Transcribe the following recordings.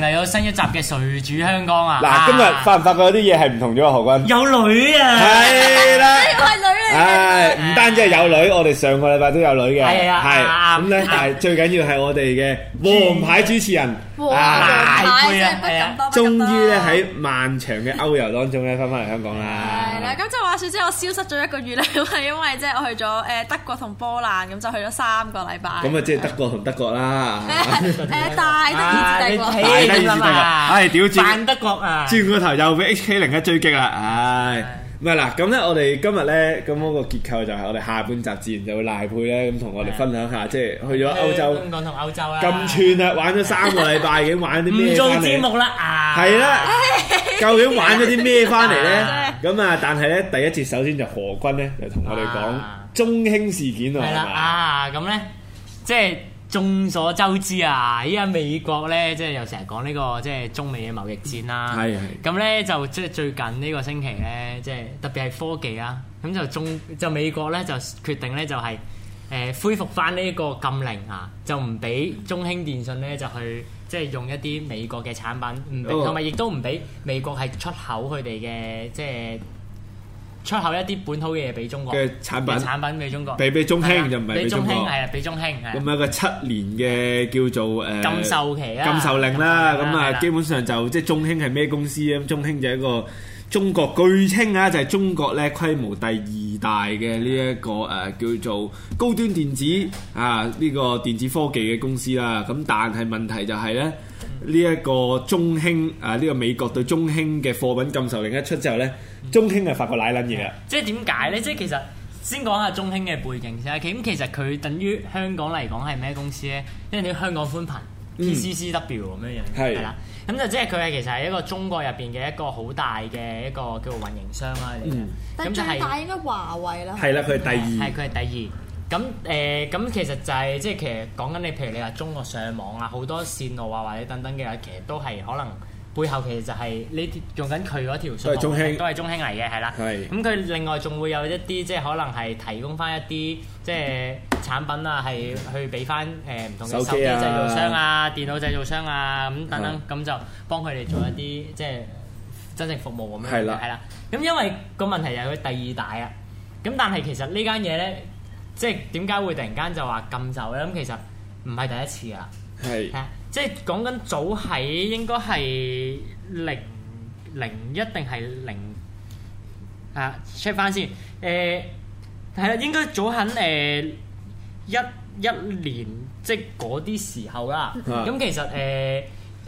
嚟咗新一集嘅《誰主香江啊》啊！嗱，今日發唔發覺有啲嘢係唔同咗啊，何君？有女啊！係啦，又係女。唉，唔單止係有女，我哋上個禮拜都有女嘅，係，咁咧，但係最緊要係我哋嘅王牌主持人，王牌啊，終於咧喺漫長嘅歐遊當中咧，翻翻嚟香港啦。係啦，咁即係話説，即係我消失咗一個月咧，係因為即係我去咗誒德國同波蘭，咁就去咗三個禮拜。咁啊，即係德國同德國啦。誒，大德意志，大德意志，第二個，轉個頭又俾 HK 零一追擊啦，唉。唔係啦，咁咧、嗯、我哋今日咧咁嗰個結構就係我哋下半集自然就會賴珮咧，咁同我哋分享下，的即係去咗歐洲，香港同歐洲啊，咁串啊，玩咗三個禮拜，究竟玩啲咩？唔做節目啦，係、啊、啦的， 究竟玩咗啲咩翻嚟咧？咁 啊、嗯，但係咧第一節首先就何君咧就同我哋講中興事件啊，係嘛啊咁咧，即係。眾所周知啊，依家美國咧，即係又成日講呢個即係中美嘅貿易戰啦。係係、嗯。咁咧就即係最近呢個星期咧，即係特別係科技啊，咁就中就美國咧就決定咧就係誒恢復翻呢一個禁令啊，就唔俾中興電信咧就去即係用一啲美國嘅產品，唔俾，同埋亦都唔俾美國係出口佢哋嘅即係。出口一啲本土嘅嘢俾中國嘅產品，產品俾中國，俾俾中興就唔係俾中興，係啊，俾中興。咁有個七年嘅叫做誒禁售期啦，禁售令啦。咁啊，基本上就即係中興係咩公司啊？中興就係一個中國據稱啊，就係中國咧規模第二大嘅呢一個誒叫做高端電子啊呢個電子科技嘅公司啦。咁但係問題就係咧。呢一個中興啊，呢個美國對中興嘅貨品禁售令一出之後咧，中興係發個奶撚嘢啦。即係點解咧？即係其實先講下中興嘅背景先。咁其實佢等於香港嚟講係咩公司咧？因為你香港寬頻 PCCW 咁樣係啦。咁就即係佢係其實係一個中國入邊嘅一個好大嘅一個叫做運營商啦。咁但係最大應該華為啦。係啦，佢係第二。係佢係第二。咁誒，咁其實就係即係其實講緊你，譬如你話中國上網啊，好多線路啊，或者等等嘅嘢，其實都係可能背後其實就係你用緊佢嗰條，都係中興，都係中興嚟嘅，係啦。係。咁佢另外仲會有一啲即係可能係提供翻一啲即係產品啊，係去俾翻誒唔同嘅手機製造商啊、電腦製造商啊咁等等，咁就幫佢哋做一啲即係真正服務咁樣。係啦，係啦。咁因為個問題又係佢第二大啊，咁但係其實呢間嘢咧。即係點解會突然間就話禁酒咧？咁其實唔係第一次啦。係是。係、啊、即係講緊早喺應該係零零一定係零 check 返先誒係啦，應該早喺誒、呃、一一年即係嗰啲時候啦。咁是、嗯、其實誒誒、呃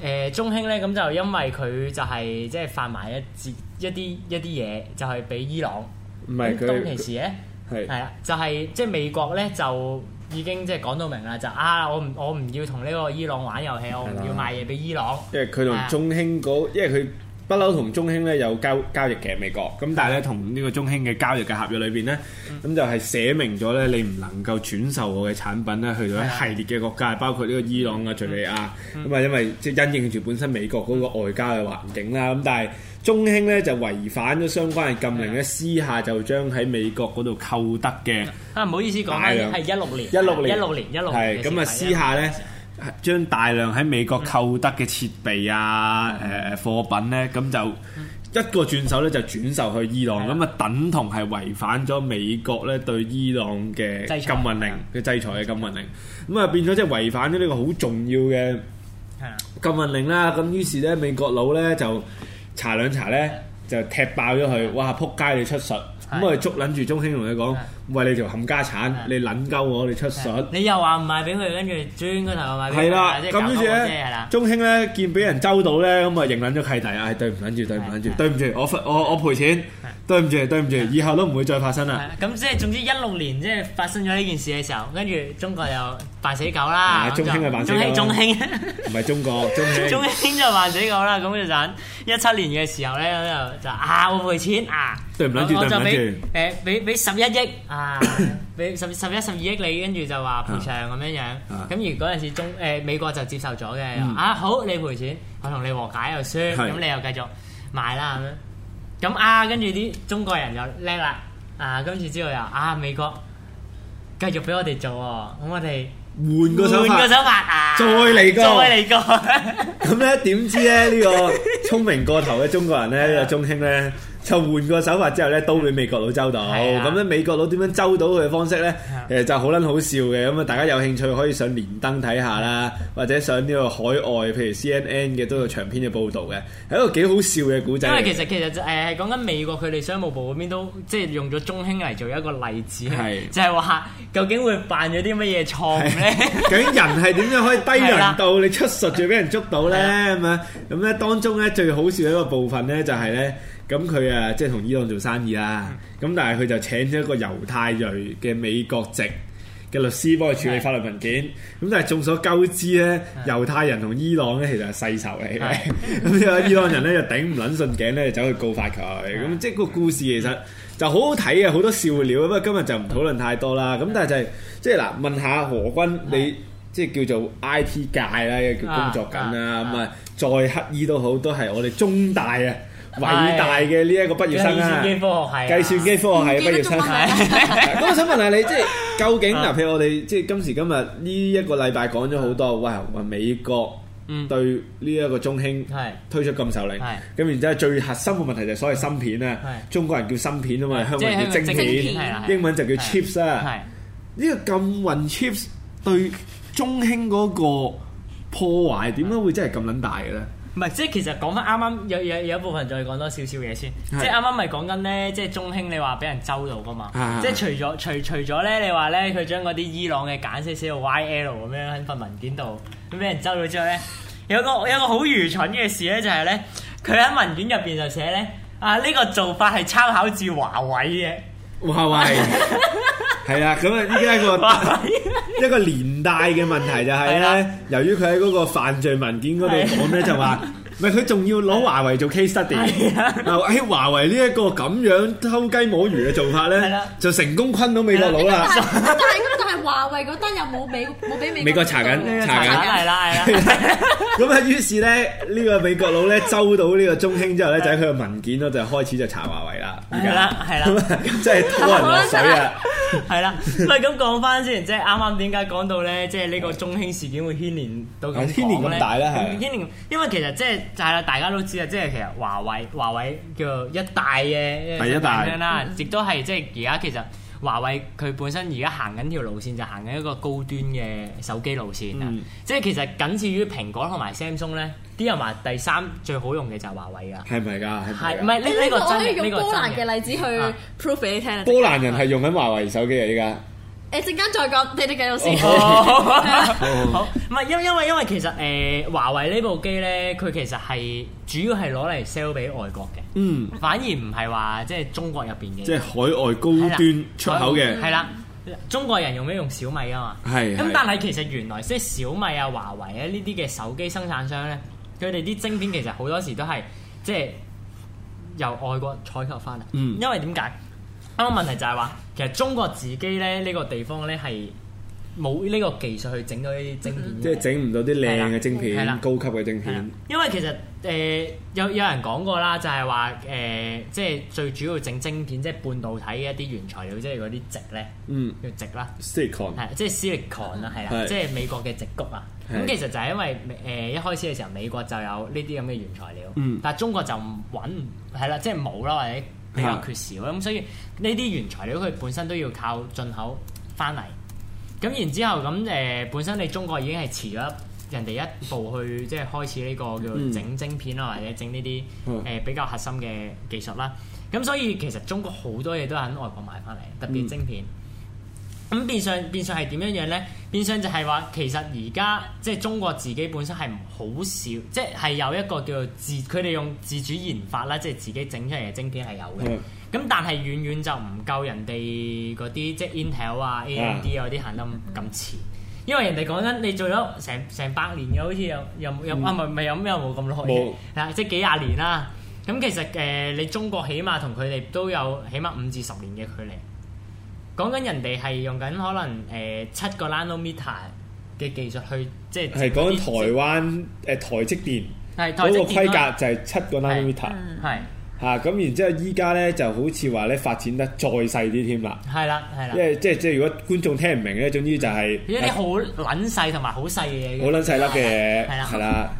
呃、中興咧咁就因為佢就係即係發埋一節一啲一啲嘢，就係、是、俾伊朗。唔係佢。當、嗯、他 其時咧。係係啊，就係、是、即係美國咧，就已經即係講到明啦，就啊，我唔我唔要同呢個伊朗玩遊戲，我唔要賣嘢俾伊朗。因為佢同中興嗰，因為佢不嬲同中興咧有交交易嘅美國，咁但係咧同呢的個中興嘅交易嘅合約裏邊咧，咁、嗯、就係寫明咗咧，你唔能夠轉售我嘅產品咧去到一系列嘅國家，嗯、包括呢個伊朗啊、敍利亞咁啊，嗯嗯、因為即係因應住本身美國嗰個外交嘅環境啦，咁、嗯、但係。中興咧就違反咗相關嘅禁令咧，私下就將喺美國嗰度購得嘅啊，唔好意思講咧，係一六年，一六年，一六年，一六年，係咁啊！私下咧將大量喺美國購得嘅設備啊、誒貨品咧，咁就一個轉手咧就轉售去伊朗，咁啊等同係違反咗美國咧對伊朗嘅禁運令嘅制裁嘅禁運令，咁啊變咗即係違反咗呢個好重要嘅禁運令啦。咁於是咧美國佬咧就。查兩查咧，就踢爆咗佢！哇，撲街你出術！咁我哋捉撚住中興同佢講：喂，你條冚家產，你撚鳩我，你出術！你又話唔賣俾佢，跟住轉嗰頭賣俾係啦。咁跟住咧，中興咧見俾人周到咧，咁啊認撚咗契弟啊，係對唔撚住，對唔撚住，對唔住，我我我賠錢。對唔住，對唔住，以後都唔會再發生啦。咁即係總之一六年即係發生咗呢件事嘅時候，跟住中國又扮死狗啦。中興係扮死狗。中興，中興。唔係中國，中興。中興就扮死狗啦。咁樣樣。一七年嘅時候咧，就就啊，我賠錢啊。對唔住跌，對唔住。我就俾誒俾俾十一億啊，俾十十一十二億你，跟住就話賠償咁樣樣。咁如果係時中誒美國就接受咗嘅，啊好你賠錢，我同你和解又輸，咁你又繼續賣啦咁樣。咁啊，跟住啲中國人又叻啦，啊，跟住之後又啊，美國繼續俾我哋做喎。哦，咁我哋換個手法，手法啊、再嚟過，再嚟來過。咁咧點知咧呢、呢個聰明過頭嘅中國人咧，呢個 中興咧。 就換個手法之後咧，都俾美國佬捉到。咁咧，美國佬點樣捉到佢嘅方式咧？誒，就好撚好笑嘅。咁啊，大家有興趣可以上連登睇下啦，或者上呢個海外，譬如 CNN 嘅都有長篇嘅報導嘅，係一個幾好笑嘅故仔。因為其實其實誒係講緊美國佢哋商務部嗰邊都即係用咗中興嚟做一個例子，就係話究竟會犯咗啲乜嘢錯咧？究竟人係點樣可以低能到你出術仲要俾人捉到咧？咁啊，咁咧當中咧最好笑一個部分咧，就係咧。咁佢啊，即係同伊朗做生意啦。咁但係佢就請咗一個猶太裔嘅美國籍嘅律師幫佢處理法律文件。咁但係眾所周知咧，猶太人同伊朗咧其實係世仇嚟嘅。咁之後伊朗人咧就頂唔撚順頸咧，走去告發佢。咁即係個故事其實就好好睇啊，好多笑料。不過今日就唔討論太多啦。咁但係就係即係嗱，問下何君你即係叫做 IT 界啦，又叫工作緊啦。咁啊，再乞衣都好，都係我哋中大啊。偉大嘅呢一個畢業生啦，計算機科學系啊，計算機科學系嘅畢業生。咁我想問下你，即係究竟嗱，譬如我哋即係今時今日呢一個禮拜講咗好多，喂，話美國對呢一個中興係推出禁售令，咁然之後最核心嘅問題就係所謂芯片咧，中國人叫芯片啊嘛，香港人叫晶片，英文就叫 chips 啦。呢個禁運 chips 對中興嗰個破壞點解會真係咁撚大嘅咧？唔係，即係其實講返啱啱有有有一部分，再講多少少嘢先。即係啱啱咪講緊咧，即係中興你話俾人捉到㗎嘛？的即係除咗除除咗咧，你話咧佢將嗰啲伊朗嘅簡寫寫到 YL 咁樣喺份文件度，咁俾人捉到之後咧，有個有個好愚蠢嘅事咧，就係，就係咧佢喺文件入邊就寫咧啊呢、呢個做法係參考自華為嘅。華為係啦，咁啊，依家一個一個連帶嘅問題就係咧，由於佢喺嗰個犯罪文件嗰度講咧，就話，唔係佢仲要攞華為做 case study。嗱，喺華為呢一個咁樣偷雞摸魚嘅做法咧，就成功昆到美國佬啦。但係，但係華為嗰單又冇俾冇俾美國查緊查緊。係啦，係咁啊，於是咧呢個美國佬咧，收到呢個中興之後咧，就喺佢嘅文件咯，就開始就查華為。而家啦，係啦，咁即係拖人落水啊 係啦，喂，係咁講翻先，即係啱啱點解講到咧？即係呢個中興事件會牽連到咁廣咧？牽連咁大啦，係牽連，因為其實即係就係、是、啦，就是、大家都知啊，即、就、係、是、其實華為華為叫一大嘅，第一大咁啦，亦都係即係而家其實。華為佢本身而家行緊條路線，就行緊一個高端嘅手機路線啊！嗯、即係其實僅次於蘋果同埋 Samsung 咧，啲人話第三最好用嘅就係華為㗎，係咪㗎？係唔係？是是你呢個可以用波蘭嘅例子去 prove 畀你聽。波蘭人係用緊華為手機啊！依家。誒，陣間再講，你哋繼續先。好，唔係，因為因為因為其實誒，華為部機呢部機咧，佢其實係主要係攞嚟 sell 俾外國嘅。嗯，反而唔係話即係中國入邊嘅，即係海外高端出口嘅。係啦、嗯、啦，中國人用咩用小米噶嘛？係。咁但係其實原來即係小米啊、華為啊呢啲嘅手機生產商咧，佢哋啲晶片其實好多時都係即係由外國採購翻嚟。嗯，因為點解？啱啊！問題就係話，其實中國自己咧呢、呢個地方咧係冇呢個技術去整 到呢啲晶片，即係整唔到啲靚嘅晶片、高級嘅晶片。因為其實誒、呃、有有人講過啦，就係話誒，即、呃、係、就是、最主要整晶片，即、就、係、是、半導體嘅一啲原材料，即係嗰啲矽，嗯，要矽啦，silicon，即係 silicon 啊，係、就、啦、是，即係對美國嘅矽谷啊。咁對對其實就係因為誒、呃、一開始嘅時候，美國就有呢啲咁嘅原材料，但係中國就揾係啦，即係冇啦，係、就是。就是比較缺少咁，所以呢啲原材料佢本身都要靠進口翻嚟。咁然之後咁誒，本身你中國已經係遲咗人哋一步去，即係開始呢個叫整晶片啊，嗯、或者整呢啲誒比較核心嘅技術啦。咁所以其實中國好多嘢都係喺外國買翻嚟，特別晶片。嗯嗯咁變相變相係點樣樣咧？變相就係話其實而家即係中國自己本身係唔好少，即係係有一個叫做自，佢哋用自主研發啦，即係自己整出嚟嘅晶片係有嘅。咁、嗯、但係遠遠就唔夠人哋嗰啲即係 Intel 啊、啊 AMD 嗰啲行得咁前，嗯、因為人哋講緊你做咗成成百年嘅，好似又又冇又啊唔係唔係又咁又冇咁耐即係幾廿年啦。咁其實誒、呃、你中國起碼同佢哋都有起碼五至十年嘅距離。講緊人哋係用緊可能誒七個 nanometer 嘅技術去，即係係講緊台灣誒、呃、台積電，嗰個規格就係七個 nanometer，係嚇咁、嗯啊。然之後依家咧就好似話咧發展得再細啲添啦，係啦係啦。因為即係即係即係，如果觀眾聽唔明咧，總之就係一啲好撚細同埋好細嘅嘢，好撚細粒嘅嘢，係啦。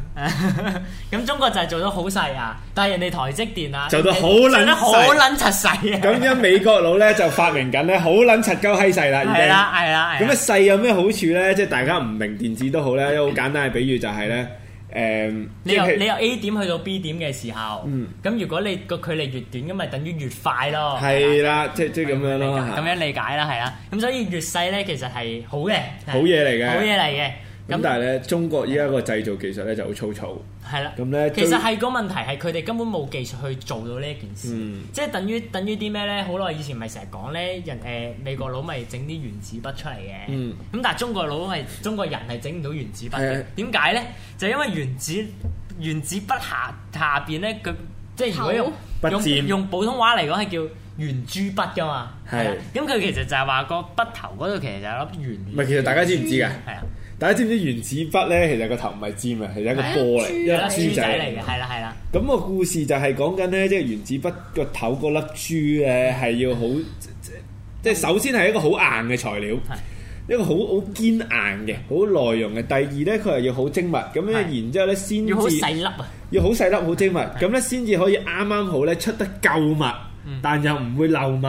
咁中國就係做到好細啊，但係人哋台積電啊，做到好撚細，咁樣美國佬咧就發明緊咧好撚柒鳩閪細啦，係啦，係啦，咁啊細有咩好處咧？即係大家唔明電子都好咧，一個好簡單嘅比喻就係咧，誒，即係你由 A 點去到 B 點嘅時候，咁如果你個距離越短，咁咪等於越快咯，係啦，即係即係咁樣咯，咁樣理解啦，係啦，咁所以越細咧其實係好嘅，好嘢嚟嘅，好嘢嚟嘅。咁但係咧，中國依家個製造技術咧就好粗糙。係啦，咁咧其實係個問題係佢哋根本冇技術去做到呢一件事，即係等於等於啲咩咧？好耐以前咪成日講咧，人誒美國佬咪整啲原子筆出嚟嘅。咁但係中國佬係中國人係整唔到原子筆嘅。點解咧？就因為原子原子筆下下邊咧，佢即係如果用用普通話嚟講係叫圓珠筆噶嘛。係。咁佢其實就係話個筆頭嗰度其實就係粒圓。唔係，其實大家知唔知㗎？係啊。大家知唔知原子筆咧？其實個頭唔係尖啊，係一個波嚟，一粒珠仔嚟嘅。係啦係啦。咁個故事就係講緊咧，即係原子筆個頭個粒珠咧，係要好即即首先係一個好硬嘅材料，一個好好堅硬嘅、好耐用嘅。第二咧，佢係要好精密。咁咧，然之後咧，先至好細粒啊，要好細粒、好精密。咁咧，先至可以啱啱好咧出得夠密，但又唔會漏密。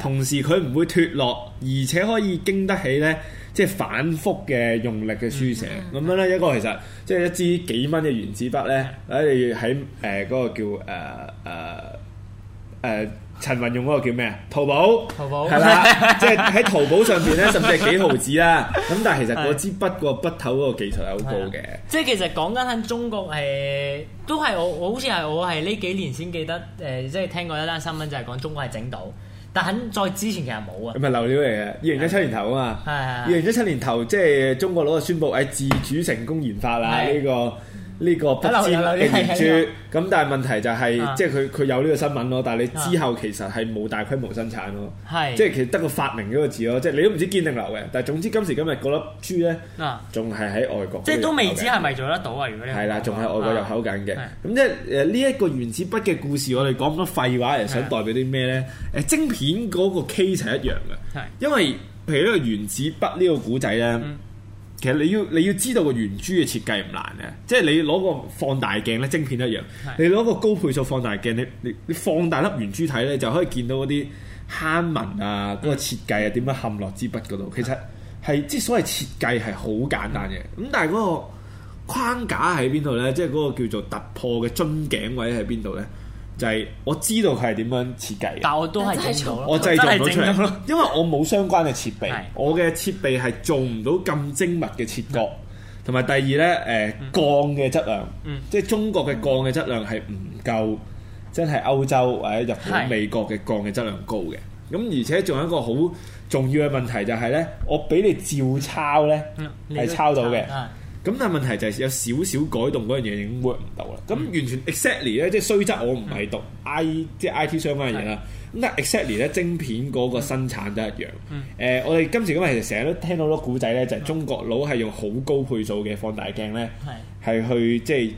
同時佢唔會脫落，而且可以經得起咧。即係反覆嘅用力嘅書寫，咁、嗯、樣咧一個其實即係一支幾蚊嘅原子筆咧，你喺誒嗰個叫誒誒誒陳雲用嗰個叫咩啊？淘寶，淘寶係啦，吧 即係喺淘寶上邊咧，甚至係幾毫紙啦。咁但係其實嗰支筆個筆頭嗰個技術係好高嘅。即係其實講緊喺中國係都係我好似我好似係我係呢幾年先記得誒、呃，即係聽過一單新聞就係講中國係整到，但喺再之前其實冇啊，咁係漏料嚟嘅，二零一七年頭啊嘛，二零一七年頭即係、就是、中國攞就宣布誒自主成功研發啦呢的、這個。呢個不筆尖嘅鉛珠，咁 這但係問題就係、是，啊、即係佢佢有呢個新聞咯，但係你之後其實係冇大規模生產咯，啊、即係其實得個發明嗰個字咯，即係你都唔知堅定流嘅，但係總之今時今日嗰粒珠咧，仲係喺外國，即係都未知係咪做得到啊？如果你係啦，仲係外國入口緊嘅，咁、啊、即係誒呢一個原子筆嘅故事，我哋講咁多廢話係想代表啲咩咧？誒是的、啊、晶片嗰個 case 係一樣嘅，因為譬如呢個原子筆呢個古仔咧。嗯。其實你要你要知道個圓珠嘅設計唔難嘅，即係你攞個放大鏡咧，晶片一樣，你攞個高倍數放大鏡，你你你放大粒圓珠睇咧，就可以見到嗰啲坑紋啊，嗰、那個設計啊，點樣嵌落支筆嗰度。其實係即係所謂設計係好簡單嘅，咁但係嗰個框架喺邊度咧？即係嗰個叫做突破嘅樽頸位喺邊度咧？就係我知道佢係點樣設計但我都係製造唔到咯，真係整音咯，因為我冇相關嘅設備，是我嘅設備係做唔到咁精密嘅切割。同埋是第二呢，誒、呃、鋼嘅質量，嗯、即係中國嘅鋼嘅質量係唔夠，真係歐洲或者日本、美國嘅鋼嘅質量高嘅。咁是而且仲有一個好重要嘅問題就係、是、呢，我俾你照抄呢，係、嗯、抄到嘅。嗯嗯。咁但係問題就係有少少改動嗰樣嘢已經 work 唔到啦。咁、嗯、完全 exactly 咧，即係雖則我唔係讀 I 即係 I T 相關嘅嘢啦。咁、嗯、但 exactly 咧，晶片嗰個生產都一樣。誒、嗯呃，我哋今時今日其實成日都聽到好多古仔咧，就係中國佬係用好高倍數嘅放大鏡咧，係、嗯、去即係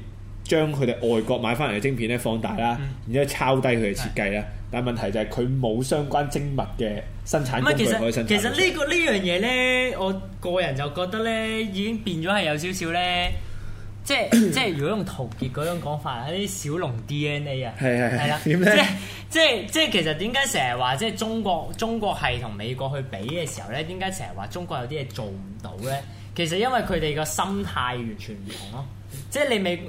將佢哋外國買翻嚟嘅晶片咧放大啦，嗯、然之後抄低佢嘅設計啦。嗯嗯嗯但問題就係佢冇相關精密嘅生產工具可以生產。其實其實、這個這個、呢個呢樣嘢咧，我個人就覺得咧，已經變咗係有少少咧，就是、 即係即係如果用陶傑嗰種講法，係啲小龍 DNA 啊，係係係啦。點咧了麼？即即即其實點解成日話即係中國中國係同美國去比嘅時候咧？點解成日話中國有啲嘢做唔到咧？其實因為佢哋個心態完全唔同咯。即係你美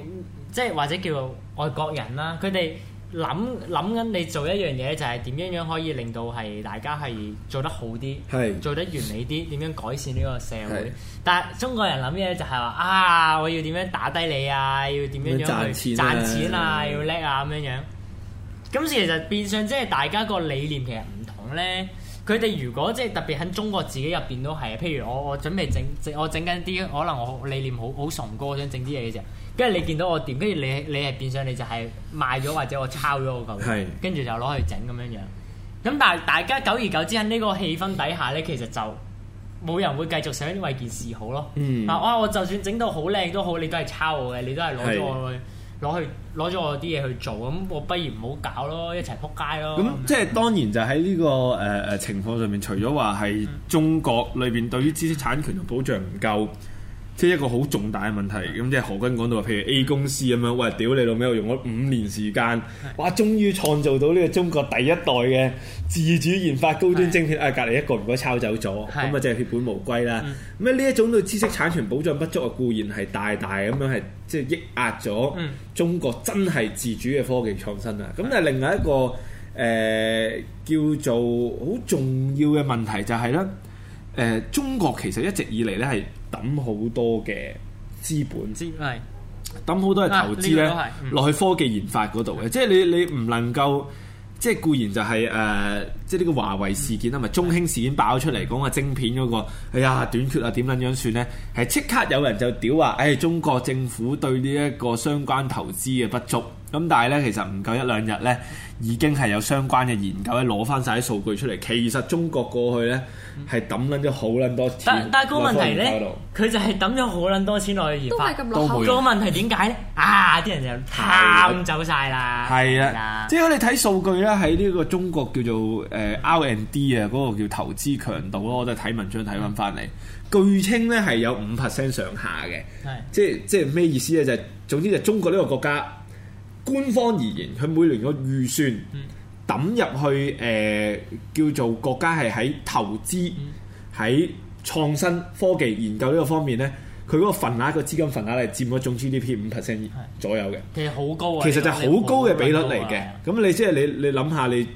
即係或者叫做外國人啦，佢哋。諗諗緊，你做一樣嘢就係點樣樣可以令到係大家係做得好啲、是做得完美啲，點樣改善呢個社會？是但係中國人諗嘢就係話啊，我要點樣打低你啊，要點樣樣去賺錢啊，賺錢啊是要叻啊咁樣樣。咁其實變相即係大家個理念其實唔同咧。佢哋如果即係特別喺中國自己入邊都係，譬如我我準備整，我整緊啲，可能我理念好好崇高，想整啲嘢嘅時候。跟住你見到我點，跟住你你係變相你就係賣咗或者我抄咗我嚿，跟住是就攞去整咁樣樣。咁但係大家久而久之喺呢個氣氛底下咧，其實就冇人會繼續想為件事好咯。嗯、啊，我就算整到好靚都好，你都係抄我嘅，你都係攞咗我攞去攞咗是我啲嘢去做，咁我不如唔好搞咯，一齊撲街咯。咁即係當然就喺呢、這個誒誒、呃、情況上面，除咗話係中國裏邊對於知識產權同保障唔夠。即係一個好重大嘅問題，咁即係何君講到譬如 A 公司咁樣，喂，屌你老味，我用咗五年時間，是哇！終於創造到呢個中國第一代嘅自主研發高端晶片。是啊！隔離一個唔該抄走咗，咁啊是就，就血本無歸啦。咁啊呢一種對知識產權保障不足啊，固然係大大咁樣係即係抑壓咗中國真係自主嘅科技創新啊。咁啊、嗯，但係另外一個誒、呃、叫做好重要嘅問題就係、是、咧，誒、呃、中國其實一直以嚟咧係。抌好多嘅資本，係抌好多嘅投資咧，落、啊這個嗯、去科技研發嗰度嘅，嗯、即係你你唔能夠，即係固然就係、是、誒、呃，即係呢個華為事件啊，嘛，嗯、中興事件爆出嚟，講話晶片嗰、那個，嗯、哎呀短缺啊，點樣點樣算咧？係即刻有人就屌話，誒、哎、中國政府對呢一個相關投資嘅不足，咁但係咧其實唔夠一兩日咧。已經係有相關嘅研究咧，攞翻晒啲數據出嚟。其實中國過去咧係抌撚咗好撚多錢。但但個問題咧，佢就係抌咗好撚多錢落去研發。都咁，個問題點解咧？啊！啲人就啪走晒啦。係啊，即係我哋睇數據咧，喺呢個中國叫做誒 R and D 啊，嗰個叫投資強度咯。我哋睇文章睇翻翻嚟，嗯、據稱咧係有五 percent 上下嘅的。即係即係咩意思咧？就係、是、總之就中國呢個國家。官方而言，佢每年個預算抌、嗯、入去誒、呃、叫做國家係喺投資喺、嗯、創新科技研究呢個方面呢，佢嗰個份額個資金份額係佔咗總 GDP 五 percent 左右嘅，其實好高、啊，其實就係好高嘅、啊這個、比率嚟嘅。咁你、啊、你即係你你諗下你。你想想你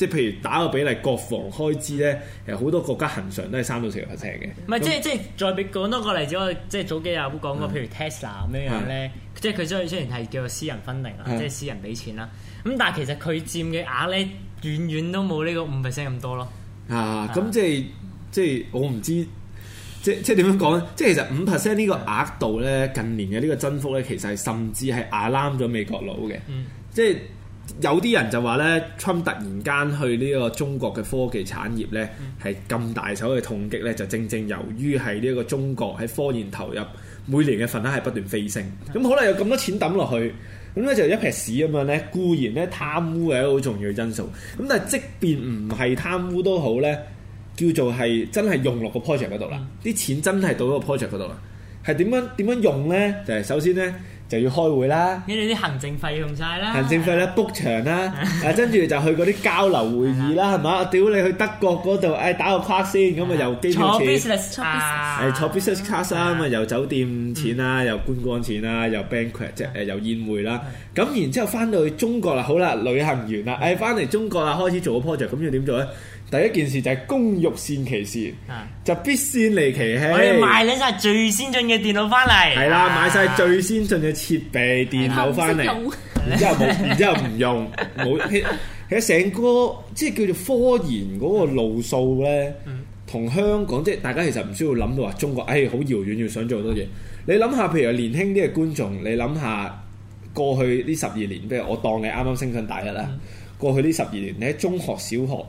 即係譬如打個比例，國防開支咧，誒好多國家恒常都係三到四 percent 嘅。唔係是那即係即係再俾講多個例子，我即係早幾日都講過，嗯、譬如 Tesla 咁樣咧，嗯、即係佢雖雖然係叫做私人 funding 啦，即係私人俾錢啦，咁但係其實佢佔嘅額咧，遠遠都冇呢個五 percent 咁多咯。啊，咁即係、嗯、即係我唔知，即即係點樣講咧？即係其實五 percent 呢個額度咧，嗯、近年嘅呢個增幅咧，其實係甚至係亞啱咗美國佬嘅。嗯、即係是。嗯有啲人就話咧，Trump 突然間去呢個中國嘅科技產業咧，係咁、嗯、大手嘅痛擊咧，就正正由於係呢一個中國喺科研投入每年嘅份額係不斷飛升，咁、嗯、可能有咁多錢抌落去，咁咧就一撇屎咁樣咧，固然咧貪污係一個好重要嘅因素，咁但係即便唔係貪污都好咧，叫做係真係用落個 project 嗰度啦，啲、嗯、錢真係到咗個 project 嗰度啦，係點樣點樣用咧？就係、是、首先咧。就要開會啦，跟住啲行政費用晒啦，行政費咧 book 場啦，啊跟住就去嗰啲交流會議啦，係嘛？我屌你去德國嗰度，誒打個 card 先，咁咪又機票錢？坐 business，坐 business class 啊，又酒店錢啦，又觀光錢啦，又 banquet 即係又宴會啦。咁然之後翻到去中國啦，好啦，旅行完啦，誒翻嚟中國啦，開始做個 project，咁要點做咧？第一件事就係工欲善其事，啊、就必先利其器。我要買曬最先進嘅電腦翻嚟。係啦，啊、買晒最先進嘅設備電腦翻嚟，然之後冇，然之後唔用，冇喺喺成個即係叫做科研嗰個路數咧，同、嗯、香港即係大家其實唔需要諗到話中國，哎，好遙遠，要想做好多嘢。嗯、你諗下，譬如年輕啲嘅觀眾，你諗下過去呢十二年，譬如我當你啱啱升上大一啦，嗯、過去呢十二年，你喺中學、小學，小學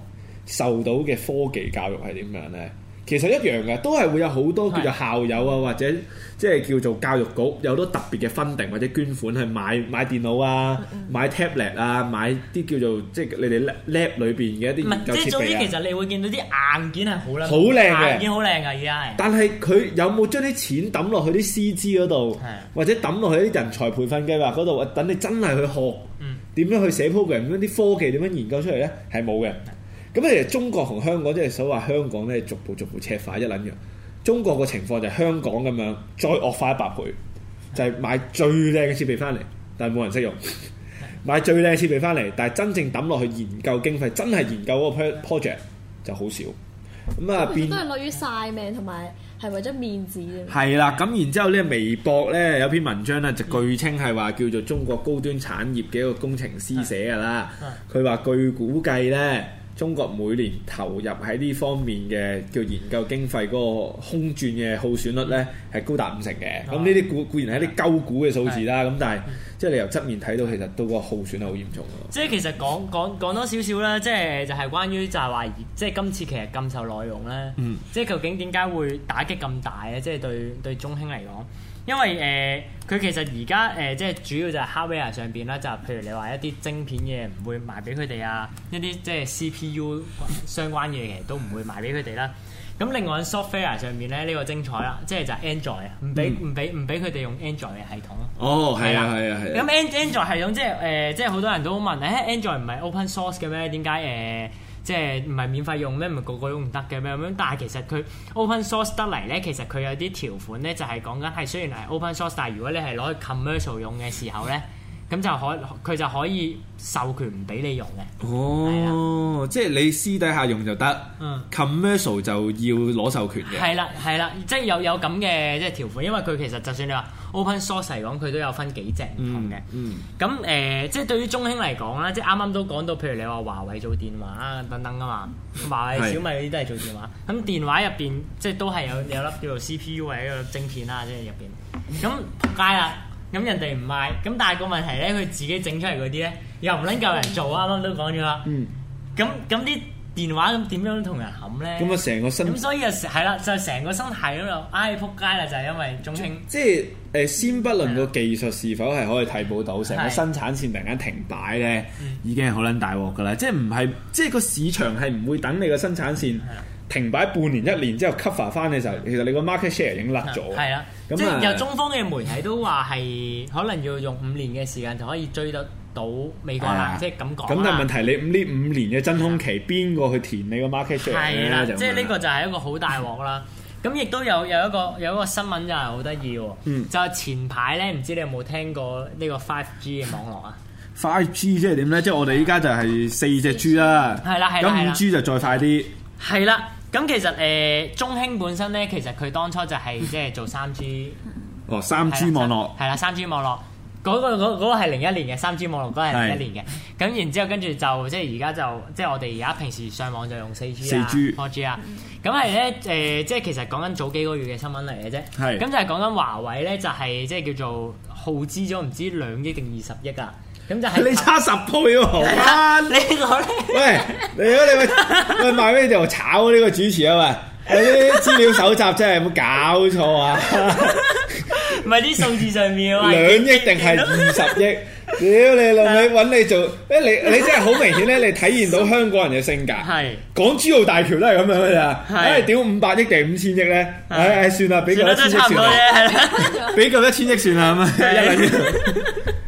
受到嘅科技教育係點樣咧？其實一樣嘅，都係會有好多叫做校友啊，或者即係叫做教育局有好多特別嘅 funding 或者捐款去買買電腦啊，買 tablet 啊，買啲叫做即係你哋 lab 裏邊嘅一啲研究設備啊。即係早啲，其實你會見到啲硬件係好靚，好靚嘅，硬件好靚啊！而家。但係佢有冇將啲錢抌落去啲師資嗰度，或者抌落去啲人才培訓計劃嗰度？等你真係去學，點樣去寫 program，點樣啲科技點樣研究出嚟咧？係冇嘅。咁咧，中國同香港即係所謂，香港咧逐步逐步赤化一撚樣，中國個情況就係香港咁樣再惡化一百倍，就係、是、買最靚嘅設備翻嚟，但係冇人識用； 買最靚嘅設備翻嚟，但係真正抌落去研究經費，真係研究嗰個 project 就好少。咁啊，變都係落於晒命，同埋係為咗面子。係啦，咁然之後咧，微博咧有篇文章咧就據稱係話叫做中國高端產業嘅一個工程師寫噶啦，佢話、嗯嗯嗯、據估計咧。中國每年投入喺呢方面嘅叫研究經費嗰個空轉嘅耗損率咧，係高達五成嘅。咁呢啲固固然係啲鳩估嘅數字啦。咁但係即係你由側面睇到，其實到個耗損係好嚴重。即係其實講講講多少少啦，即係就係、是、關於就係話，即係今次其實禁售內容咧，嗯、即係究竟點解會打擊咁大咧？即、就、係、是、對對中興嚟講。因為誒，佢、呃、其實而家誒，即、呃、係主要就係 hardware 上邊啦，就係、譬如你話一啲晶片嘅唔會賣俾佢哋啊，一啲即係 CPU 相關嘅嘢都唔會賣俾佢哋啦。咁另外喺 software 上面咧，呢個精彩啦，即係就係 Android，唔俾唔俾唔俾佢哋用 Android 嘅系統。哦，係啊，係啊，係啊。咁、啊、Android 系統即係誒，即係好多人都問咧、欸，Android 唔係 open source 嘅咩？點解誒？呃即係唔係免費用咩？唔係個個都唔得嘅咩咁樣。但係其實佢 open source 得嚟咧，其實佢有啲條款咧，就係講緊係雖然係 open source，但係如果你係攞去 commercial 用嘅時候咧。咁就可佢就可以授權唔俾你用嘅。哦、oh, 的，即係你私底下用就得。Uh, commercial 就要攞授權嘅。係啦，係啦，即係有有咁嘅即係條款，因為佢其實就算你話 open source 嚟講，佢都有分幾隻唔同嘅、嗯。嗯。咁誒、呃，即係對於中興嚟講啦，即係啱啱都講到，譬如你話華為做電話等等吖嘛，華為、小米嗰啲都係做電話。咁 的電話入邊即係都係有有粒叫做 CPU 或者一個晶片啦，即係入邊。咁仆街啦！咁人哋唔賣，咁但係個問題咧，佢自己整出嚟嗰啲咧，又唔撚夠人做，啱啱都講咗啦。嗯，嗯。咁咁啲電話咁點樣同人冚咧？咁啊，成個生咁所以啊，係啦，就係成個生態嗰度，唉、哎，撲街啦，就係、是、因為中興。即係誒，先不論個技術是否係可以替補到，成是的 個生產線突然間停擺咧，是的 已經係好撚大鑊噶啦。即係唔係？即係個市場係唔會等你個生產線。停擺半年一年之後 cover 翻嘅時候，其實你個 market share 已經甩咗。係啦，即係有中方嘅媒體都話係可能要用五年嘅時間就可以追得到美國啦，即係咁講啦。咁但係問題你呢五年嘅真空期邊個去填你個 market share 咧？係啦，即係呢個就係一個好大鑊啦。咁亦都有有一個有一個新聞就係好得意喎，就係前排咧，唔知你有冇聽過呢個 5G 嘅網絡啊？5G 即係點咧？即係我哋依家就係四隻 G 啦，咁五 G 就再快啲。係啦。咁其實誒、呃、中興本身咧，其實佢當初就係即係做三 G，哦三 G 網絡，係啦三 G 網絡嗰、嗰個嗰係零一年嘅三 G 網絡嗰個係零一年嘅。咁是然之後跟住就即係而家就即係我哋而家平時上網就用四 G 啊，四 G, 四 G 啊。咁係咧誒，即係其實講緊早幾個月嘅新聞嚟嘅啫。咁是就係講緊華為咧，就係即係叫做耗資咗唔知兩億定二十億啊！咁就係你差十倍喎！你我咧？喂，你我你咪咪賣咩就炒呢個主持啊？喂，啲資料搜集，真係有冇搞錯啊！唔係啲數字上面啊？兩億定係二十億？屌你老味揾你做？誒你你真係好明顯咧！你體現到香港人嘅性格係。港珠澳大橋都係咁樣㗎咋？誒，屌五百億定五千億咧？唉，算啦，俾夠一千億算啦，俾夠一千億算啦，係咪？一兩億。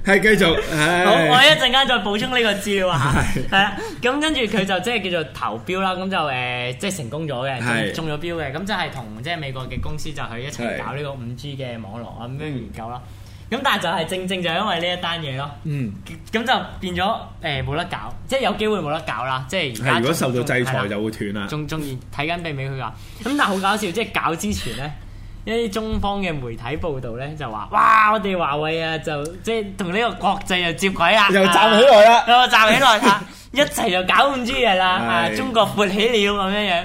係繼續，好，我一陣間再補充呢個資料吓，係啦的，咁跟住佢就即係叫做投標啦，咁就誒、呃、即係成功咗嘅，係中咗標嘅，咁就係同即係美國嘅公司就去一齊搞呢個五 G 嘅網絡啊咁的樣研究咯，咁但係就係正正就因為呢一單嘢咯，嗯，咁就變咗誒冇得搞，即係有機會冇得搞啦，即係而家如果受到制裁就會斷啦，仲仲然睇緊俾唔俾佢話，咁但係好搞笑，即係搞之前咧。一啲中方嘅媒體報導咧，就話：哇！我哋華為啊，就即係同呢個國際又接軌啊，又站起來啦， 又站起來啦，一齊就搞五 G 嘢啦，嚇！ 是的 中國闊起了咁樣樣。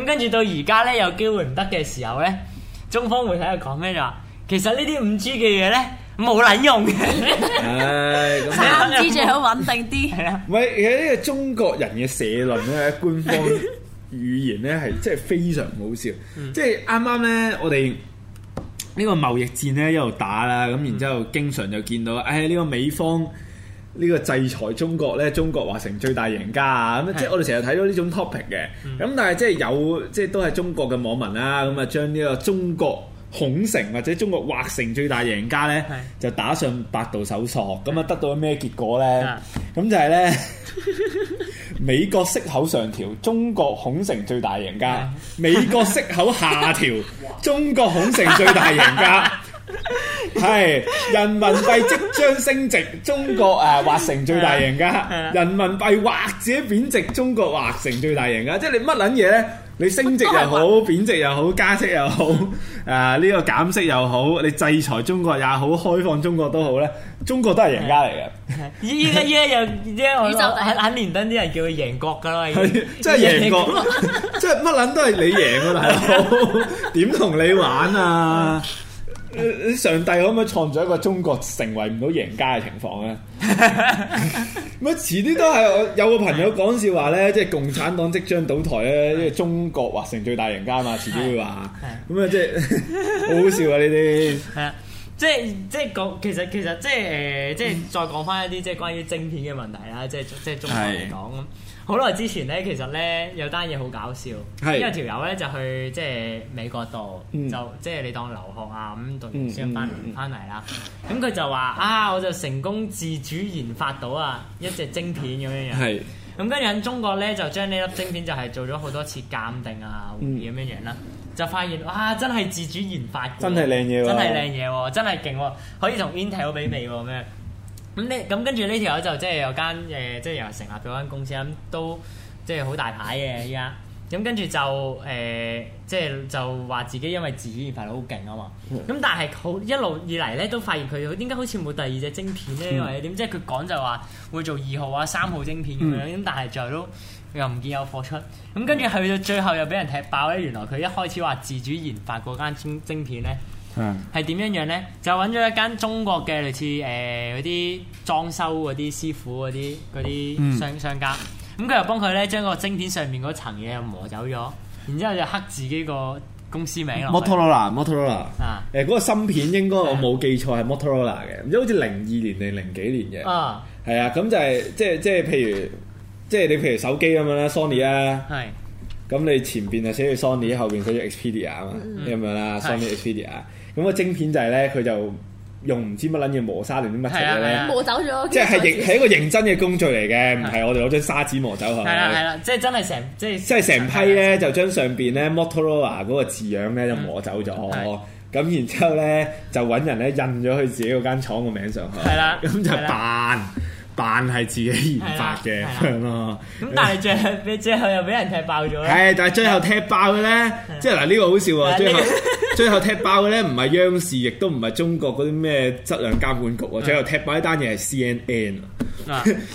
咁跟住到而家咧，有機會唔得嘅時候咧，中方媒體又講咩就話：其實呢啲五 G 嘅嘢咧冇卵用嘅，三 G、 哎、這 最好穩定啲。係啊的， 喂！而家呢個中國人嘅社論咧，官方。語言咧係即係非常好笑，即係啱啱咧，我哋呢個貿易戰咧一路打啦，咁然之後經常就見到，誒呢個美方呢個制裁中國咧，中國划成最大贏家啊，咁即係我哋成日睇到呢種 topic 嘅，咁但係即係有即係都係中國嘅網民啦，咁啊將呢個中國恐成或者中國划成最大贏家咧，就打上百度搜索，咁啊得到咩結果咧？咁就係咧。美國息口上調，中國恐成最大贏家； 美國息口下調，中國恐成最大贏家。係 人民幣即將升值，中國誒或、啊、成最大贏家； 人民幣或者貶值，中國或成最大贏家。即係你乜撚嘢咧？你升值又好，貶值又好，加息又好，誒呢、 啊呢個減息又好，你制裁中國也好，開放中國都好咧，中國都係贏家嚟嘅。依家依家又依家 我喺喺連登啲人叫佢贏國噶啦， 即係贏國， 即係乜撚都係你贏啊，大佬，點同 你玩啊？ 上帝可唔可以創造一個中國成為唔到贏家嘅情況咧？咁啊， 遲啲都係我有個朋友講笑話咧，即係共產黨即將倒台咧，因為 中國或成最大贏家嘛，遲啲會話。咁啊， 即係 好好笑啊呢啲。係 啊，即係即係講，其實其實即係誒，即係、呃、再講翻一啲即係關於晶片嘅問題啦，即係即係中國嚟講。的 好耐之前咧，其實咧有單嘢好搞笑，因為條友咧就去即係美國度，就即係你當留學啊咁，讀完先翻翻嚟啦。咁佢就話啊，我就成功自主研發到啊一隻晶片咁樣樣。咁跟住喺中國咧，就將呢粒晶片就係做咗好多次鑑定啊，咁樣樣啦，就發現哇，真係自主研發，真係靚嘢喎，真係靚嘢喎，真係勁喎，可以同 Intel 比美喎咩？咁呢，咁跟住呢條友就即係有間誒、呃，即係又成立咗間公司咁、嗯，都即係好大牌嘅依家。咁、嗯、跟住就誒、呃，即係就話自己因為自主研發好勁啊嘛。咁、嗯、但係好一路以嚟咧都發現佢點解好似冇第二隻晶片咧，因為點？即係佢講就話會做二號啊、三號晶片咁樣，咁、嗯、但係最後都又唔見有貨出。咁、嗯、跟住去到最後又俾人踢爆咧，原來佢一開始話自主研發嗰間晶晶片咧。係點樣樣咧？就揾咗一間中國嘅類似誒嗰啲裝修嗰啲師傅嗰啲啲商商家，咁佢又幫佢咧將個晶片上面嗰層嘢又磨走咗，然之後就刻自己個公司名落去。Motorola，Motorola，誒嗰個芯片應該我冇記錯係 Motorola 嘅，唔知好似零二年定零幾年嘅。啊，係啊，咁就係即係即係譬如即係你譬如手機咁樣啦，Sony 啊，係，咁你前邊就寫住 Sony，後邊寫住 Xperia 啊嘛，咁樣啦，Sony Xperia。咁個晶片就係咧，佢就用唔知乜撚嘢磨砂定啲乜嘢咧，磨走咗。即係係係一個認真嘅工序嚟嘅，唔係我哋攞張砂紙磨走佢。係啦係啦，即係真係成即係。即係成批咧，就將上邊咧 Motorola 嗰個字樣咧就磨走咗，咁然之後咧就揾人咧印咗佢自己嗰間廠個名上去。係啦，咁就扮扮係自己研發嘅咁咯。咁但係最後，最後又俾人踢爆咗咧。係，但係最後踢爆嘅咧，即係嗱呢個好笑喎。最後。最後踢爆嘅咧，唔係央視，亦都唔係中國嗰啲咩質量監管局啊！最後踢爆一單嘢係 CNN，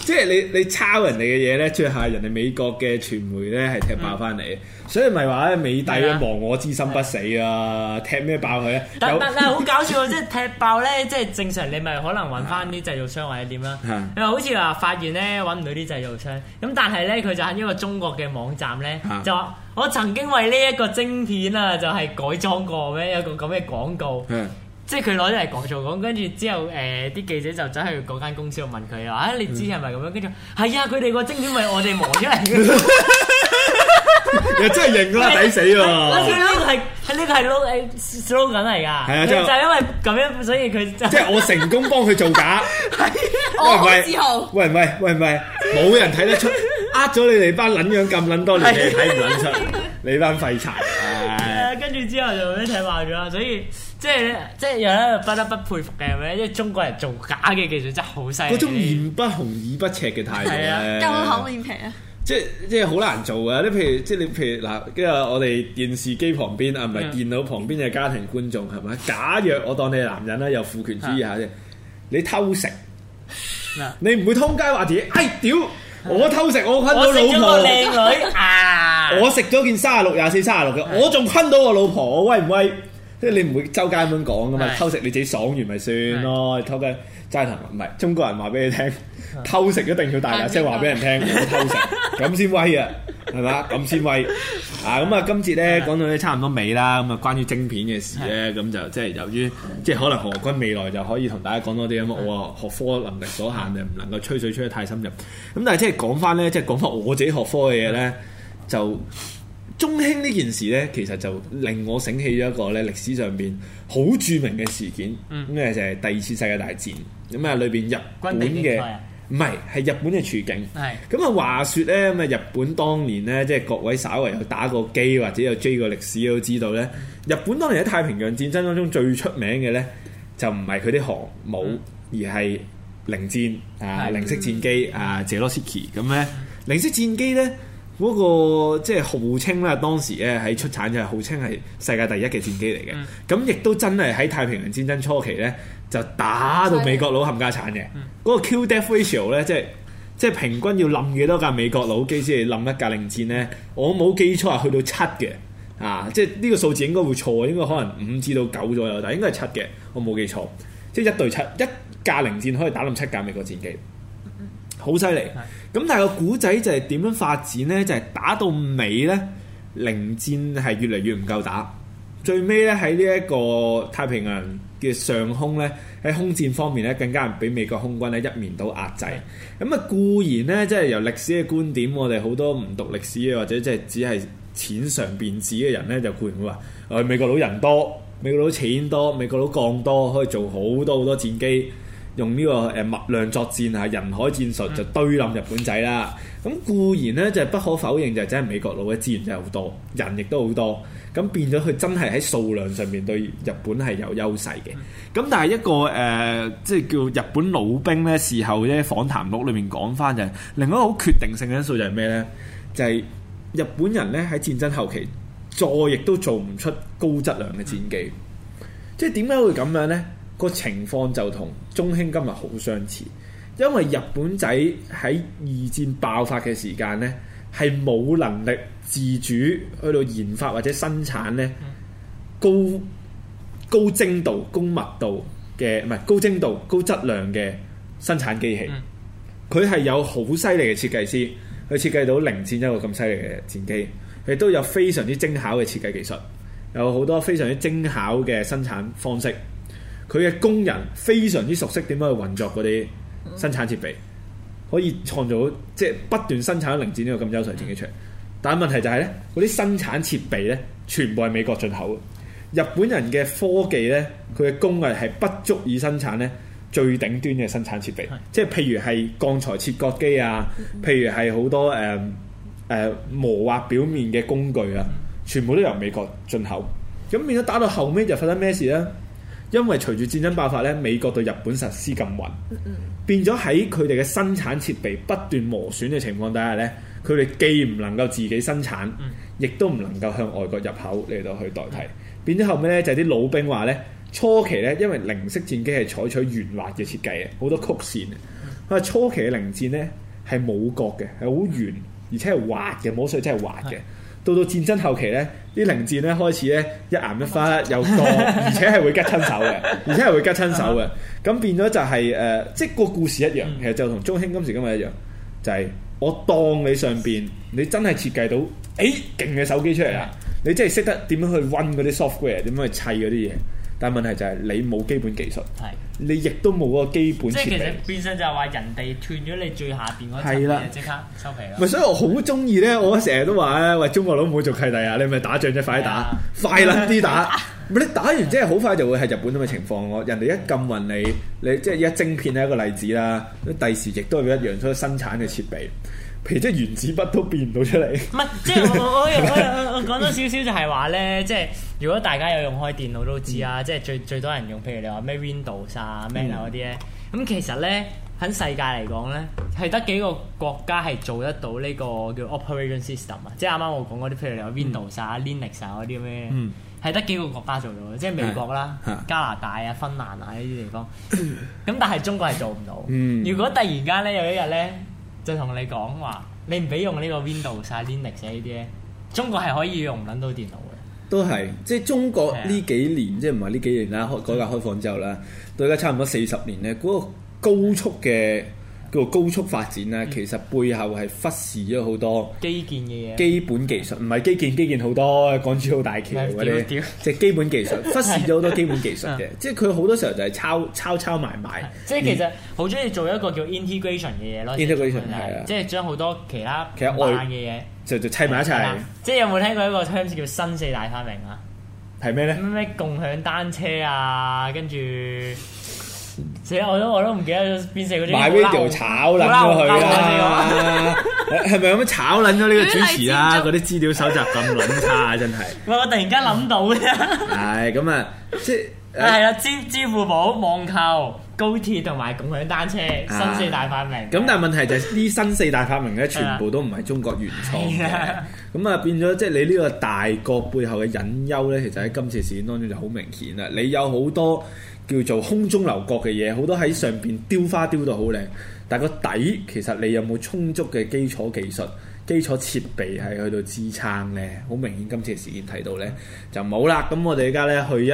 即係你你抄人哋嘅嘢咧，最後係人哋美國嘅傳媒咧係踢爆翻嚟。所以咪話咧美帝嘅亡我之心不死啊！踢咩爆佢咧？但但係好搞笑喎！即係踢爆咧，即係正常你咪可能揾翻啲製造商或者點啦。你話好似話發現咧揾唔到啲製造商，咁但係咧佢就喺呢個中國嘅網站咧就我曾經為呢一個晶片啊，就係改裝過咩？有個咁嘅廣告，即係佢攞啲嚟講做講，跟住之後誒啲記者就走去嗰間公司度問佢啊，你知係咪咁樣？跟住係啊，佢哋個晶片為我哋磨出嚟嘅，真係認啦，抵死啊！呢個係呢個係 l o slow 緊嚟㗎，就係因為咁樣，所以佢即係我成功幫佢做假，我自豪。喂喂喂喂，冇人睇得出。呃咗你哋班卵樣咁卵多年睇唔卵出， 你班廢柴。係、哎 嗯，跟住之後就一齊壞咗啦。所以即係即係有一個不得不佩服嘅，係咪？因為中國人做假嘅技術真係好犀利。嗰種言不紅耳不赤嘅態度咧，夠厚、嗯嗯、面皮啊！即係即係好難做啊。即係譬如即係你譬如嗱，跟住我哋電視機旁邊啊，唔係、嗯、電腦旁邊嘅家庭觀眾係咪？假若我當你係男人啦，又父權主義下啫，你偷食，你唔會通街話自己。哎，屌、哎！ 我偷食，我坤到老婆。我食咗個靚女、啊、 件三十六廿四卅六嘅， 我仲坤到我老婆，我威唔威？即係你唔會周街咁樣講噶嘛，偷食你自己爽完咪算咯，偷嘅齋頭。唔係中國人話俾你聽，偷食一定要大聲話俾人聽，偷食咁先威啊，係咪啊？咁先威啊！咁啊，今次咧講到差唔多尾啦，咁啊，關於晶片嘅事咧，咁就即係由於即係可能何君未來就可以同大家講多啲咁，我學科能力所限就唔能夠吹水吹得太深入。咁但係即係講翻咧，即係講翻我自己學科嘅嘢咧，就。中興呢件事呢，其實就令我醒起咗一個呢歷史上邊好著名嘅事件，咁啊、嗯、就係第二次世界大戰。咁啊裏邊日軍嘅唔係，係日本嘅處境。咁啊是話説呢，咁啊日本當年呢，即係各位稍為去打過機或者有追過歷史都知道呢，嗯、日本當年喺太平洋戰爭當中最出名嘅呢，就唔係佢啲航母，嗯、而係零戰啊、呃、零式戰機啊謝羅斯基，咁呢零式戰機呢。呃嗰、那個即係號稱啦，當時咧喺出產就係號稱係世界第一嘅戰機嚟嘅。咁亦、嗯、都真係喺太平洋戰爭初期咧，就打到美國佬冚家產嘅。嗰、嗯、個 kill death ratio 咧，即係即係平均要冧幾多架美國佬機先係冧一架零戰咧？我冇記錯係去到七嘅。啊，即係呢個數字應該會錯，應該可能五至到九左右，但係應該係七嘅。我冇記錯，即係一對七，一架零戰可以打冧七架美國戰機。好犀利，咁但係個古仔就係點樣發展呢？就係、是、打到尾呢，零戰係越嚟越唔夠打，最尾呢，喺呢一個太平洋嘅上空呢，喺空戰方面呢，更加俾美國空軍咧一面倒壓制。咁啊是的、嗯、固然呢，即係由歷史嘅觀點，我哋好多唔讀歷史嘅或者即係只係淺嘗便止嘅人呢，就固然會話，誒、哎，美國佬人多，美國佬錢多，美國佬鋼多，可以做好多好多，多戰機。用呢個誒物量作戰啊，人海戰術就堆冧日本仔啦，咁固然呢，就係、不可否認就真係美國佬嘅資源真係好多，人亦都好多，咁變咗佢真係喺數量上面對日本係有優勢嘅。咁但係一個誒、呃、即係叫日本老兵呢，事後呢，訪談錄裏面講翻就係，另一個好決定性嘅因素就係咩呢？就係、是、日本人呢，喺戰爭後期再亦都做唔出高質量嘅戰機，即係點解會咁樣呢？個情況就同中興今日好相似，因為日本仔喺二戰爆發嘅時間呢，係冇能力自主去到研發或者生產呢。高、嗯、高精度高密度嘅唔係高精度高質量嘅生產機器。佢係、嗯、有好犀利嘅設計師去設計到零戰一個咁犀利嘅戰機，佢都有非常之精巧嘅設計技術，有好多非常之精巧嘅生產方式。佢嘅工人非常之熟悉點樣去運作嗰啲生產設備，可以創造即係、就是、不斷生產零戰呢個咁優秀戰機出嚟。但係問題就係、是、咧，嗰啲生產設備咧，全部係美國進口嘅。日本人嘅科技咧，佢嘅工藝係不足以生產咧最頂端嘅生產設備，是的 即係譬如係鋼材切割機啊，譬如係好多誒誒、呃呃、磨劃表面嘅工具啊，全部都由美國進口。咁變咗打到後尾就發生咩事咧？因為隨住戰爭爆發咧，美國對日本實施禁運，變咗喺佢哋嘅生產設備不斷磨損嘅情況底下咧，佢哋既唔能夠自己生產，亦都唔能夠向外國入口嚟到去代替。變咗後尾咧，就啲老兵話咧，初期咧，因為零式戰機係採取圓滑嘅設計啊，好多曲線，佢話初期嘅零戰咧係冇角嘅，係好圓，而且係滑嘅，摸水真係滑嘅。到到戰爭後期呢，啲零戰呢，開始呢，一岩一花，又多，而且係會拮親手嘅，而且係會拮親手嘅。咁 變咗就係、是、誒、呃，即係個故事一樣，其實就同中興今時今日一樣，嗯、就係我當你上邊，你真係設計到，誒勁嘅手機出嚟啦，嗯、你真係識得點樣去温嗰啲 software，點樣去砌嗰啲嘢。但係問題就係你冇基本技術，的你亦都冇嗰個基本設備。即係其實變相就係話人哋斷咗你最下邊嗰層，你的就即刻收皮咯。咪所以我好中意咧，我成日都話咧，喂中國佬唔好做契弟啊！你係咪打仗啫，的快啲打，的快撚啲打。咪的你打完即係好快就會係日本咁嘅情況咯。的人哋一禁運你，你即係一晶片係一個例子啦。第時亦都係一樣出生產嘅設備。譬如即係原子筆都變唔 到出嚟。唔係，即係我我我我講多少少就係話咧，即係如果大家有用開電腦都知啊、嗯，即係最最多人用，譬如你話咩 Windows 啊、咩嗰啲咧。咁、嗯、其實咧，喺世界嚟講咧，係得幾個國家係做得到呢個叫 operating system 啊，即係啱啱我講嗰啲，譬如你話 Windows 啊、嗯、Linux 啊嗰啲咩，係得幾個國家做到嘅，即係美國啦、嗯、加拿大啊、芬蘭啊呢啲地方。咁、嗯嗯、但係中國係做唔到。如果突然間咧，有一日咧。就同你講話，你唔俾用呢個 Windows，曬、啊、Linux 寫呢啲咧。中國係可以用唔撚到電腦嘅。都係，即係中國呢幾年，即係唔係呢幾年啦？改、那、革、個、開放之後啦，的到而家差唔多四十年咧，嗰、那個高速嘅。叫高速發展啦，其實背後係忽視咗好多基建嘅嘢，基本技術唔係基建，基建好多港珠澳大橋嗰啲，即係 基本技術 忽視咗好多基本技術嘅， 即係佢好多時候就係抄，抄抄抄埋埋。嗯、而即係其實好中意做一個叫 integration 嘅嘢咯，integration 係啊來，即係將好多其他外嘅嘢就就砌埋一齊。即係有冇聽過一個 terms 叫新四大發明啊？係咩咧？咩咩共享單車啊，跟住。死啦我都我都唔記得邊四個。MyRadio 炒捻咗佢啦，係咪咁樣炒捻咗呢個主持啊？嗰啲資料搜集咁捻差啊！真係。喂， 我突然間諗到啫。係 咁啊，即係係啦，支支付寶、網購、高鐵同埋共享單車，啊、新四大發明、啊。咁但係問題就係啲新四大發明咧，全部都唔係中國原創。咁啊 是的， 變咗即係你呢個大國背後嘅隱憂咧，其實喺今次事件當中就好明顯啦。你有好多。叫做空中樓閣嘅嘢，好多喺上邊雕花雕到好靚。但係個底其實你有冇充足嘅基礎技術、基礎設備係去到支撐呢？好明顯，今次嘅事件睇到呢，就冇啦。咁我哋而家呢去一去誒、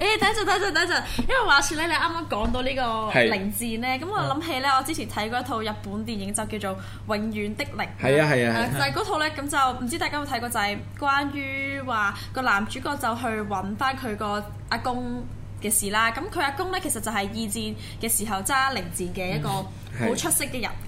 欸，等陣，等陣，等陣，因為話說呢，你啱啱講到呢個零戰呢，咁是我諗起呢。我之前睇過一套日本電影，就叫做《永遠的零》。係啊，係啊，係啊，啊就係嗰套呢，咁就唔知大家有冇睇過？就係關於話個男主角就去揾翻佢個阿公嘅事啦，咁佢阿公咧，其實就係二戰嘅時候揸零戰嘅一個好出色嘅人。嗯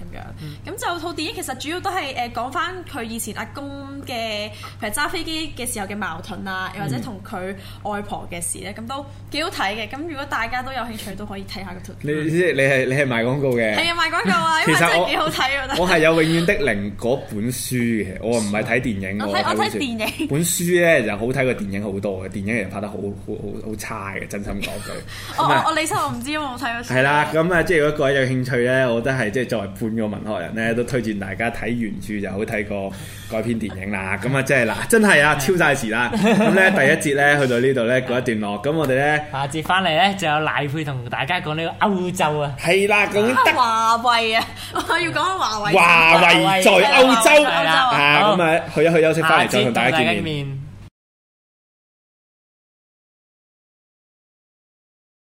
咁就套電影其實主要都係誒講翻佢以前阿公嘅，譬如揸飛機嘅時候嘅矛盾啊，又或者同佢外婆嘅事咧，咁都幾好睇嘅。咁如果大家都有興趣，都可以睇下個套。你即係你係你係賣廣告嘅？係啊，賣廣告啊！因為真係幾好睇。我係有《永遠的零》嗰本書嘅，我唔係睇電影。我睇我睇電影。本書咧就好睇過電影好多嘅，電影其實拍得好好好，好差嘅，真心講句。哦、我我理所我唔知，因為我冇睇過。係啦，咁啊，即係如果各位有興趣咧，我都係即係作為半。個文學人咧都推薦大家睇原著就好睇過改編電影啦，咁啊即係嗱，真係啊超晒時啦，咁咧 第一節咧去到呢度咧告一段落，咁我哋咧下節翻嚟咧就有賴珮同大家講呢個歐洲啊，係啦，咁華為啊，我要講華為，為，華為在歐洲，洲啊，咁啊去一去休息翻嚟再同大家見面。